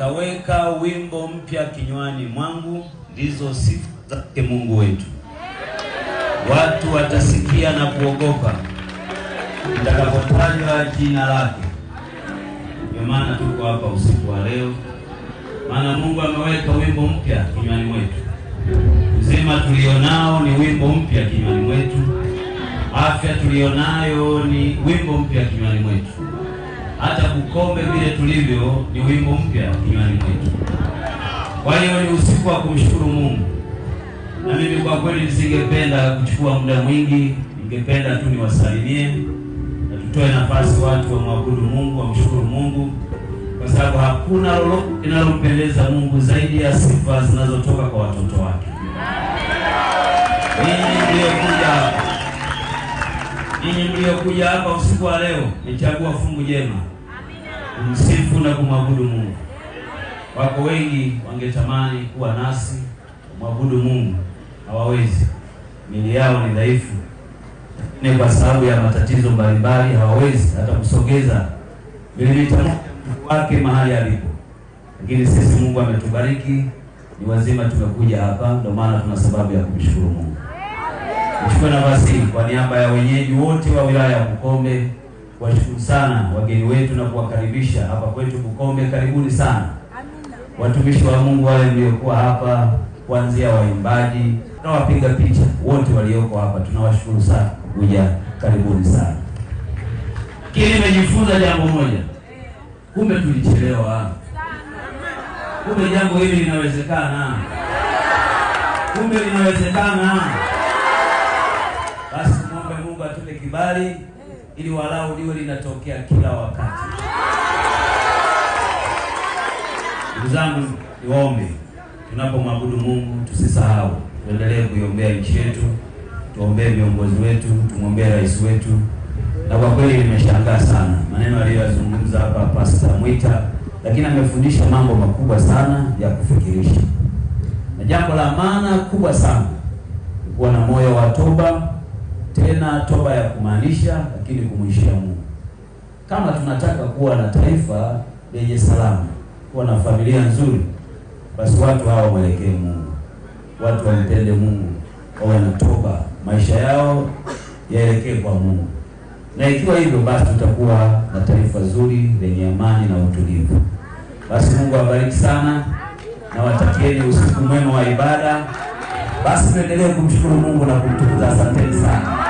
Nikaweka wimbo mpya kinywani mwangu, ndizo sifa zake Mungu wetu. Watu watasikia na kuogopa nitakapotajwa jina lake. Ndio maana tuko hapa usiku wa leo, maana Mungu ameweka wimbo mpya kinywani mwetu. Uzima tulionao ni wimbo mpya kinywani mwetu. Afya tulionayo ni wimbo mpya kinywani mwetu hata Bukombe vile tulivyo ni wimbo mpya kinywani mwetu. Kwa hiyo ni usiku wa kumshukuru Mungu, na mimi kwa kweli nisingependa kuchukua muda mwingi, ningependa tu niwasalimie na tutoe nafasi watu wamwabudu Mungu, wamshukuru Mungu kwa sababu hakuna lolote linalompendeza Mungu zaidi ya sifa zinazotoka kwa watoto wake. uliokuja hapa usiku wa leo, nichagua fungu jema, msifu na kumwabudu Mungu. Wako wengi wangetamani kuwa nasi kumwabudu Mungu, hawawezi, mili yao ni dhaifu, lakini kwa sababu ya matatizo mbalimbali hawawezi hata kusogeza milimita wake mahali alipo, lakini sisi Mungu ametubariki, ni wazima tumekuja hapa, ndio maana tuna sababu ya kumshukuru Mungu. Mheshimiwa nafasi kwa niaba ya wenyeji wote wa wilaya ya Bukombe washukuru sana wageni wetu na kuwakaribisha hapa kwetu Bukombe. Karibuni sana watumishi wa Mungu wale mliokuwa hapa, kuanzia waimbaji na wapiga picha wote walioko hapa, tunawashukuru sana kuja, karibuni sana. Lakini nimejifunza jambo moja, kumbe tulichelewa, kumbe jambo hili linawezekana, kumbe linawezekana mbali, ili walau liwe linatokea kila wakati. Ndugu zangu, niwaombe tunapomwabudu Mungu tusisahau, tuendelee kuiombea nchi yetu, tuombee viongozi wetu, tumwombee rais wetu. Na kwa kweli nimeshangaa sana maneno aliyoyazungumza hapa Pasta Mwita, lakini amefundisha mambo makubwa sana ya kufikirisha, na jambo la maana kubwa sana kuwa na moyo wa toba tena toba ya kumaanisha, lakini kumwishia Mungu. Kama tunataka kuwa na taifa lenye salama, kuwa na familia nzuri, basi watu hawa wamwelekee Mungu, watu wampende Mungu, wawe na toba, maisha yao yaelekee kwa Mungu, na ikiwa hivyo basi tutakuwa na taifa zuri lenye amani na utulivu. Basi Mungu awabariki sana na watakieni usiku mwema wa ibada. Basi tuendelee kumshukuru Mungu na kumtukuza. Asanteni sana.